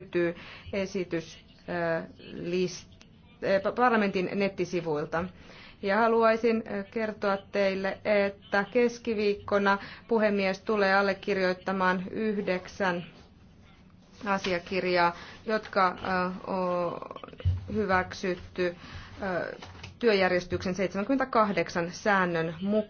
löytyy esitys parlamentin nettisivuilta. Ja haluaisin kertoa teille, että keskiviikkona puhemies tulee allekirjoittamaan yhdeksän asiakirjaa, jotka on hyväksytty työjärjestyksen 78 säännön mukaan.